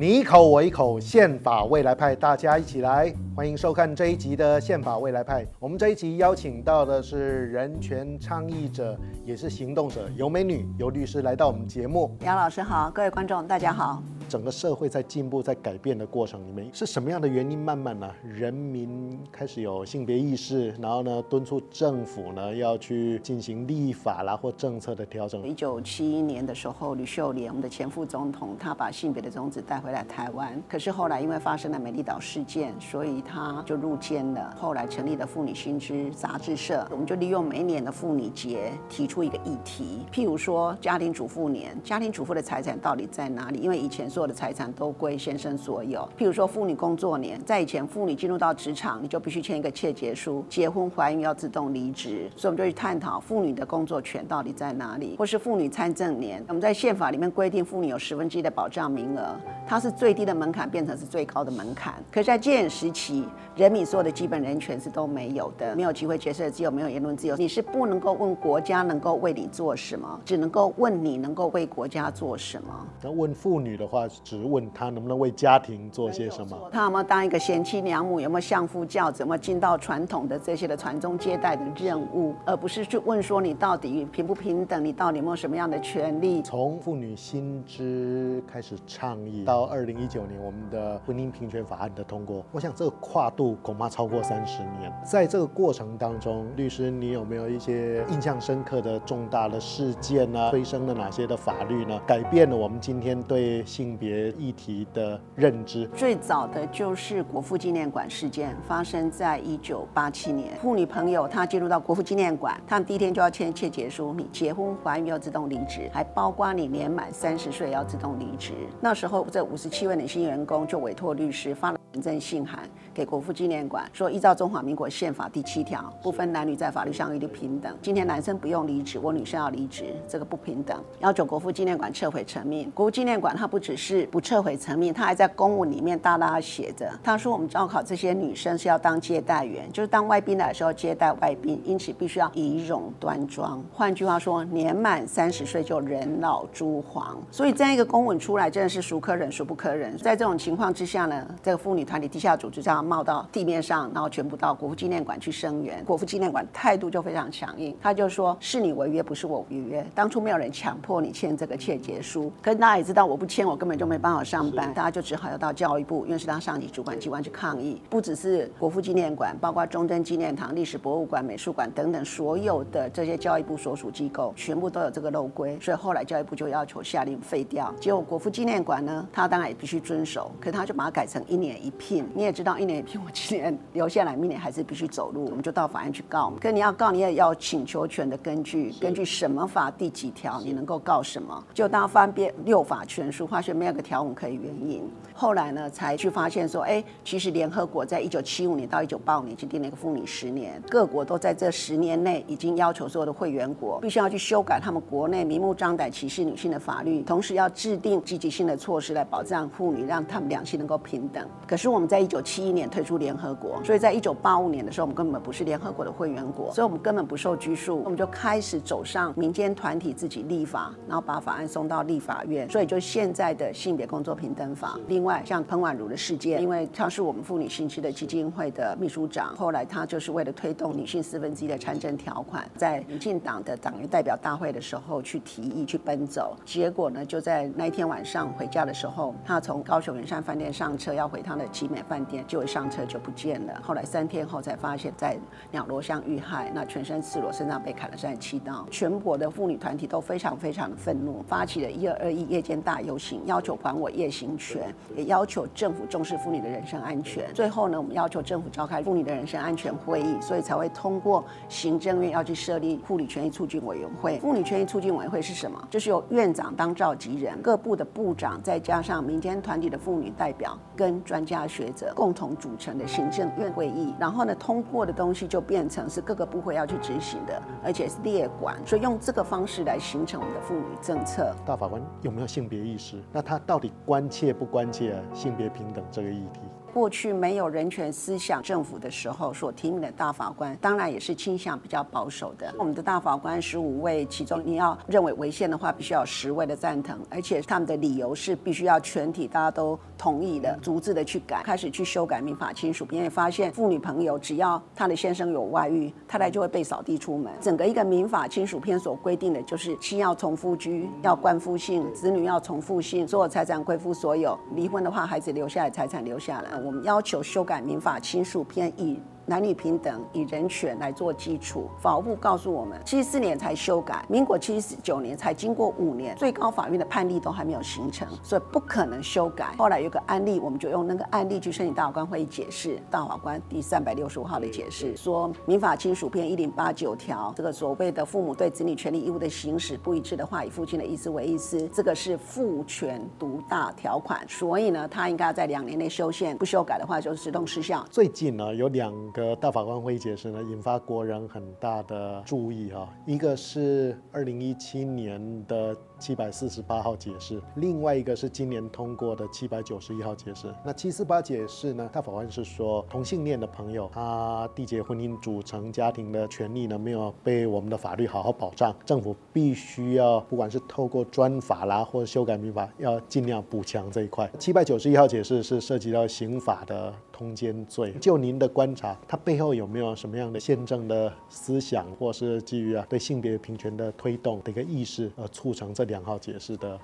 你一口我一口，憲法未來派，大家一起來，歡迎收看這一集的憲法未來派。我們這一集邀請到的是人權倡議者，也是行動者，尤美女，尤律師來到我們節目。尤老師好，各位觀眾大家好。整個社會在進步、在改變的過程裡面，是什麼樣的原因慢慢呢？人民開始有性別意識，然後呢，敦促政府呢要去進行立法啦或政策的調整。一九七一年的時候，呂秀蓮我們的前副總統，他把性別的種子帶回來台灣，可是後來因為發生了美麗島事件，所以他就入監了。後來成立了《婦女新知》雜誌社，我們就利用每年的婦女節提出一個議題，譬如說家庭主婦年，家庭主婦的財產到底在哪裡？因為以前做的財產都歸先生所有。譬如說，婦女工作年，在以前，婦女進入到職場，你就必須簽一個切結書。結婚、懷孕要自動離職。所以，我們就去探討婦女的工作權到底在哪裡，或是婦女參政年。我們在憲法裡面規定，婦女有十分之一的保障名額，它是最低的門檻，變成是最高的門檻。可是在戒嚴時期，人民所有的基本人權是都沒有的，沒有機會結社自由，沒有言論自由，你是不能夠問國家能夠為你做什麼，只能夠問你能夠為國家做什麼。那問婦女的話。只問他能不能為家庭做些什麼，他有沒有當一個賢妻良母，有沒有相夫教子，有沒有盡到傳統的這些的傳宗接代的任務，而不是去問說你到底平不平等，你到底有沒有什麼樣的權利。從婦女新知開始倡議到二零一九年我們的婚姻平權法案的通過，我想這個跨度恐怕超過三十年。在這個過程當中，律師，你有沒有一些印象深刻的重大的事件啊，催生了哪些的法律呢？改變了我們今天對性。別議題的認知，最早的就是國父紀念館事件，發生在一九八七年。婦女朋友她進入到國父紀念館，他們第一天就要簽切結書，你結婚懷孕要自動離職，還包括你年滿三十歲要自動離職。那時候，這五十七位女性員工就委託律師發了存證信函給國父紀念館，說依照中華民國憲法第七條，不分男女在法律上一律平等。今天男生不用離職，我女生要離職，這個不平等，要求國父紀念館撤回成命。國父紀念館它不只是。是不撤回層面，他還在公文裡面大大的寫着，他說我們招考這些女生是要當接待員，就是當外賓來的時候接待外賓，因此必須要儀容端莊。換句話說，年滿三十歲就人老珠黃。所以這樣一個公文出來，真的是孰可忍孰不可忍。在這種情況之下呢，這個婦女團體地下組織這樣冒到地面上，然後全部到國父紀念館去聲援。國父紀念館態度就非常強硬，他就說：是你違約，不是我違約。當初沒有人強迫你簽這個切結書，可是大家也知道，我不簽我根本。就沒辦法上班，是大家就只好要到教育部，因為是當上級主管機關去抗議。不只是國父紀念館，包括中正紀念堂、歷史博物館、美術館等等，所有的這些教育部所屬機構，全部都有這個陋規。所以後來教育部就要求下令廢掉。結果國父紀念館呢，他當然也必須遵守，可他就把它改成一年一聘。你也知道，一年一聘，我今年留下來，明年還是必須走路。對我們就到法院去告嘛。可你要告，你也要請求權的根據，根據什麼法第幾條，是你能夠告什麼？就當翻遍六法全書，化學。什麼樣的條文可以援引？後來呢，才去發現說，哎，其實聯合國在一九七五年到一九八五年去定了一個婦女十年，各國都在這十年內已經要求所有的會員國必須要去修改他們國內明目張膽歧視女性的法律，同時要制定積極性的措施來保障婦女，讓他們兩性能夠平等。可是我們在一九七一年退出聯合國，所以在一九八五年的時候，我們根本不是聯合國的會員國，所以我們根本不受拘束，我們就開始走上民間團體自己立法，然後把法案送到立法院，所以就現在的。性別工作平等法。另外，像彭婉如的事件，因為她是我們婦女新知的基金會的秘書長，後來她就是為了推動女性四分之一的參政條款，在民進黨的黨員代表大會的時候去提議、去奔走。結果呢，就在那一天晚上回家的時候，她從高雄圓山飯店上車要回她的尖美飯店，就一上車就不見了。後來三天後才發現在鳥螺鄉遇害，那全身赤裸，身上被砍了三十七刀。全國的婦女團體都非常非常的憤怒，發起了一二二一夜間大遊行要。要求還我夜行權，也要求政府重視婦女的人身安全。最後呢，我們要求政府召開婦女的人身安全會議，所以才會通過行政院要去設立婦女權益促進委員會。婦女權益促進委、委員會是什麼？就是由院長當召集人，各部的部長再加上民間團體的婦女代表跟專家學者共同組成的行政院會議。然後呢，通過的東西就變成是各個部會要去執行的，而且是列管。所以用這個方式來形成我們的婦女政策。大法官有沒有性別意識？那？他到底關切不關切性別平等這個議題？過去沒有人權思想政府的時候，所提名的大法官當然也是傾向比較保守的。我們的大法官十五位，其中你要認為違憲的話，必須要十位的贊同，而且他們的理由是必須要全體大家都同意的，逐字的去改，開始去修改民法親屬篇。也發現婦女朋友只要她的先生有外遇，太太就會被掃地出門。整個一個民法親屬篇所規定的就是：妻要從夫居，要冠夫姓，子女要從夫姓，所有財產歸夫所有。離婚的話，孩子留下來，財產留下來。我們要求修改民法親屬篇，以男女平等，以人權來做基礎。法務部告訴我們，七十四年才修改，民國七十九年才經過五年，最高法院的判例都還沒有形成，所以不可能修改。後來有個案例，我們就用那個案例去申請大法官會議解釋，大法官第三百六十五號的解釋說，《民法親屬篇》一零八九條，這個所謂的父母對子女權利義務的行使不一致的話，以父親的意思為意思，這個是父權獨大條款。所以呢，他應該在兩年內修憲，不修改的話就是自動失效。最近呢，有兩。這個大法官會議解釋呢，引發國人很大的注意哈、哦。一個是二零一七年的。七百四十八號解釋，另外一個是今年通過的七百九十一號解釋。那七四八解釋呢，它法官是說同性戀的朋友，他締結婚姻組成家庭的權利呢，沒有被我們的法律好好保障，政府必須要不管是透過專法啦，或者修改民法，要盡量補強這一塊。七百九十一號解釋是涉及到刑法的通姦罪。就您的觀察，它背後有沒有什麼樣的憲政的思想，或是基於啊對性別平權的推動的一個意識，而促成這兩號解釋的。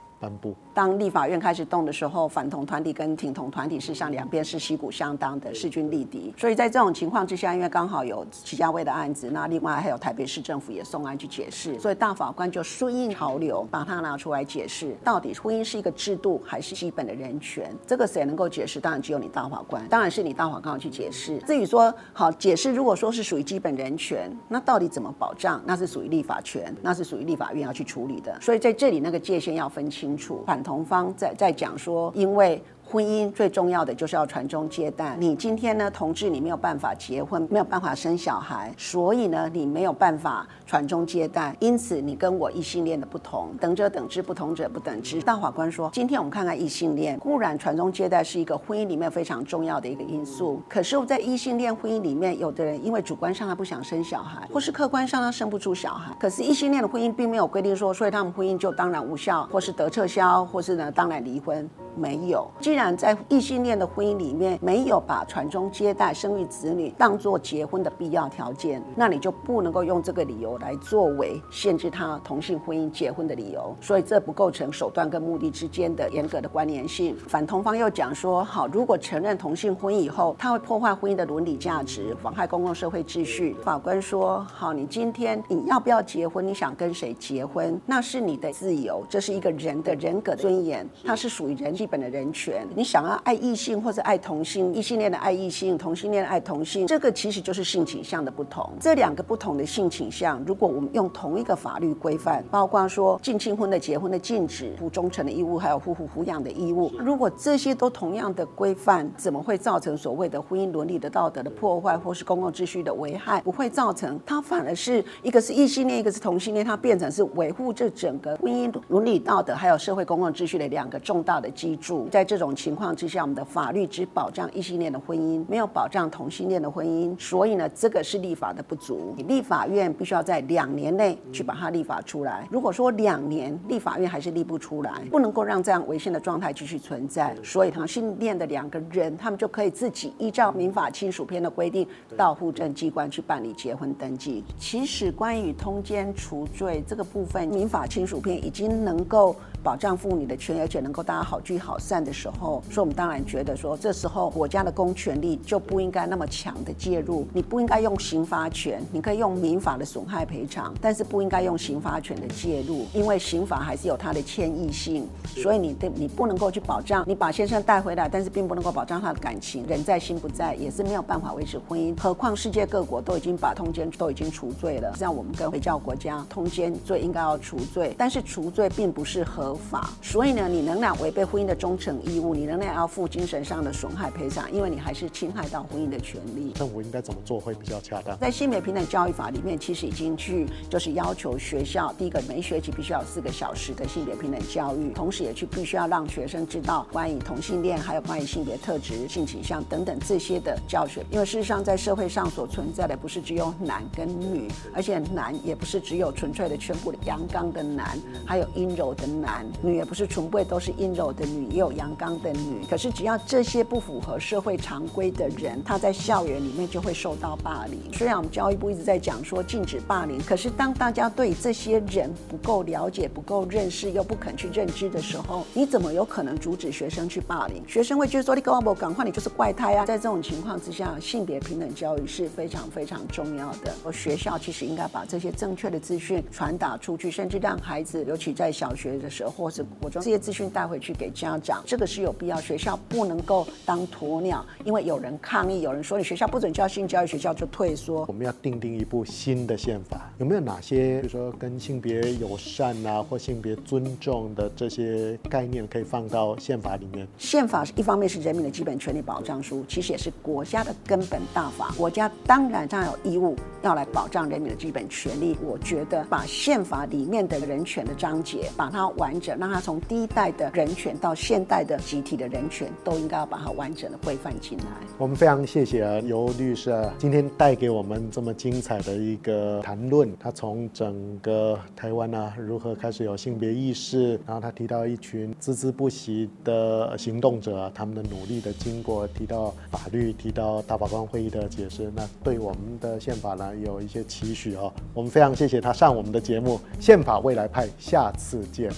當立法院開始動的時候，反同團體跟挺同團體事實上兩邊是旗鼓相當的，勢均力敵。所以在這種情況之下，因為剛好有祁家威的案子，那另外還有台北市政府也送案去解釋，所以大法官就順應潮流，把它拿出來解釋，到底婚姻是一個制度還是基本的人權？這個誰能夠解釋？當然只有你大法官，當然是你大法官去解釋。至於說好解釋，如果說是屬於基本人權，那到底怎麼保障？那是屬於立法權，那是屬於立法院要去處理的。所以在這裡那個界限要分清。反同方在在講說，因為，婚姻最重要的就是要傳宗接代。你今天呢，同志，你沒有辦法結婚，沒有辦法生小孩，所以呢，你沒有辦法傳宗接代。因此，你跟我異性戀的不同，等者等之，不同者不等之。大法官說，今天我們看看異性戀，固然傳宗接代是一個婚姻裡面非常重要的一個因素，可是我在異性戀婚姻裡面，有的人因為主觀上他不想生小孩，或是客觀上他生不出小孩，可是異性戀的婚姻並沒有規定說，所以他們婚姻就當然無效，或是得撤銷，或是呢當然離婚沒有。既然當然在異性戀的婚姻裡面，沒有把傳宗接代、生育子女當做結婚的必要條件，那你就不能夠用這個理由來作為限制他同性婚姻結婚的理由。所以這不構成手段跟目的之間的嚴格的關聯性。反同方又講說，好，如果承認同性婚姻以後，他會破壞婚姻的倫理價值，妨害公共社會秩序。法官說，好，你今天你要不要結婚？你想跟誰結婚？那是你的自由，這是一個人的人格尊嚴，它是屬於人基本的人權。你想要愛異性或者愛同性，異性戀的愛異性，同性戀的愛同性，這個其實就是性傾向的不同。這兩個不同的性傾向，如果我們用同一個法律規範，包括說近親婚的結婚的禁止、不忠誠的義務，還有夫婦撫養的義務，如果這些都同樣的規範，怎麼會造成所謂的婚姻倫理的道德的破壞，或是公共秩序的危害？不會造成，它反而是一個是異性戀，一個是同性戀，它變成是維護這整個婚姻倫理道德，還有社會公共秩序的兩個重大的基礎。在這種情況之下，我們的法律只保障異性戀的婚姻，沒有保障同性戀的婚姻，所以呢，這個是立法的不足。立法院必須要在兩年內去把它立法出來。如果說兩年立法院還是立不出來，不能夠讓這樣違憲的狀態繼續存在，所以同性戀的兩個人，他們就可以自己依照民法親屬篇的規定，到戶政機關去辦理結婚登記。其實關於通奸除罪這個部分，民法親屬篇已經能夠。保障婦女的權，而且能夠大家好聚好散的時候，所以我們當然覺得說，這時候國家的公權力就不應該那麼強的介入。你不應該用刑罰權，你可以用民法的損害賠償，但是不應該用刑罰權的介入，因為刑法還是有它的謙抑性。所以你對你不能夠去保障，你把先生帶回來，但是並不能夠保障他的感情，人在心不在，也是沒有辦法維持婚姻。何況世界各國都已經把通姦都已經除罪了，像我們跟回教國家，通姦罪應該要除罪，但是除罪並不是合。法，所以呢，你仍然違背婚姻的忠誠義務，你仍然要負精神上的損害賠償，因為你還是侵害到婚姻的權利。那我應該怎麼做會比較恰當？在性別平等教育法裡面，其實已經去就是要求學校，第一個每學期必須要四個小時的性別平等教育，同時也去必須要讓學生知道關於同性戀，還有關於性別特質、性傾向等等這些的教學。因為事實上，在社會上所存在的不是只有男跟女，而且男也不是只有純粹的全部的陽剛的男，還有陰柔的男。女也不是純粹，都是陰柔的女，也有陽剛的女。可是只要這些不符合社會常規的人，他在校園裡面就會受到霸凌。雖然我們教育部一直在講說禁止霸凌，可是當大家對這些人不夠了解、不夠認識，又不肯去認知的時候，你怎麼有可能阻止學生去霸凌？學生會覺得說你幹嘛不趕快？你就是怪胎啊！在這種情況之下，性別平等教育是非常非常重要的。而學校其實應該把這些正確的資訊傳達出去，甚至讓孩子，尤其在小學的時候。或者把這些資訊帶回去給家長，這個是有必要。學校不能夠當鴕鳥，因為有人抗議，有人說你學校不准教性教育，學校就退縮。我們要訂定一部新的憲法，有沒有哪些，比如說跟性別友善啊，或性別尊重的這些概念，可以放到憲法裡面？憲法是一方面是人民的基本權利保障書，其實也是國家的根本大法。國家當然它有義務要來保障人民的基本權利。我覺得把憲法裡面的人權的章節，把它完。者讓他從第一代的人權到現代的集體的人權，都應該要把它完整的規範進來。我們非常謝謝尤律師今天帶給我們這麼精彩的一個談論。他從整個台灣啊，如何開始有性別意識，然後他提到一群孜孜不息的行動者，他們的努力的經過，提到法律，提到大法官會議的解釋，那對我們的憲法呢有一些期許哦。我們非常謝謝他上我們的節目《憲法未來派》，下次見。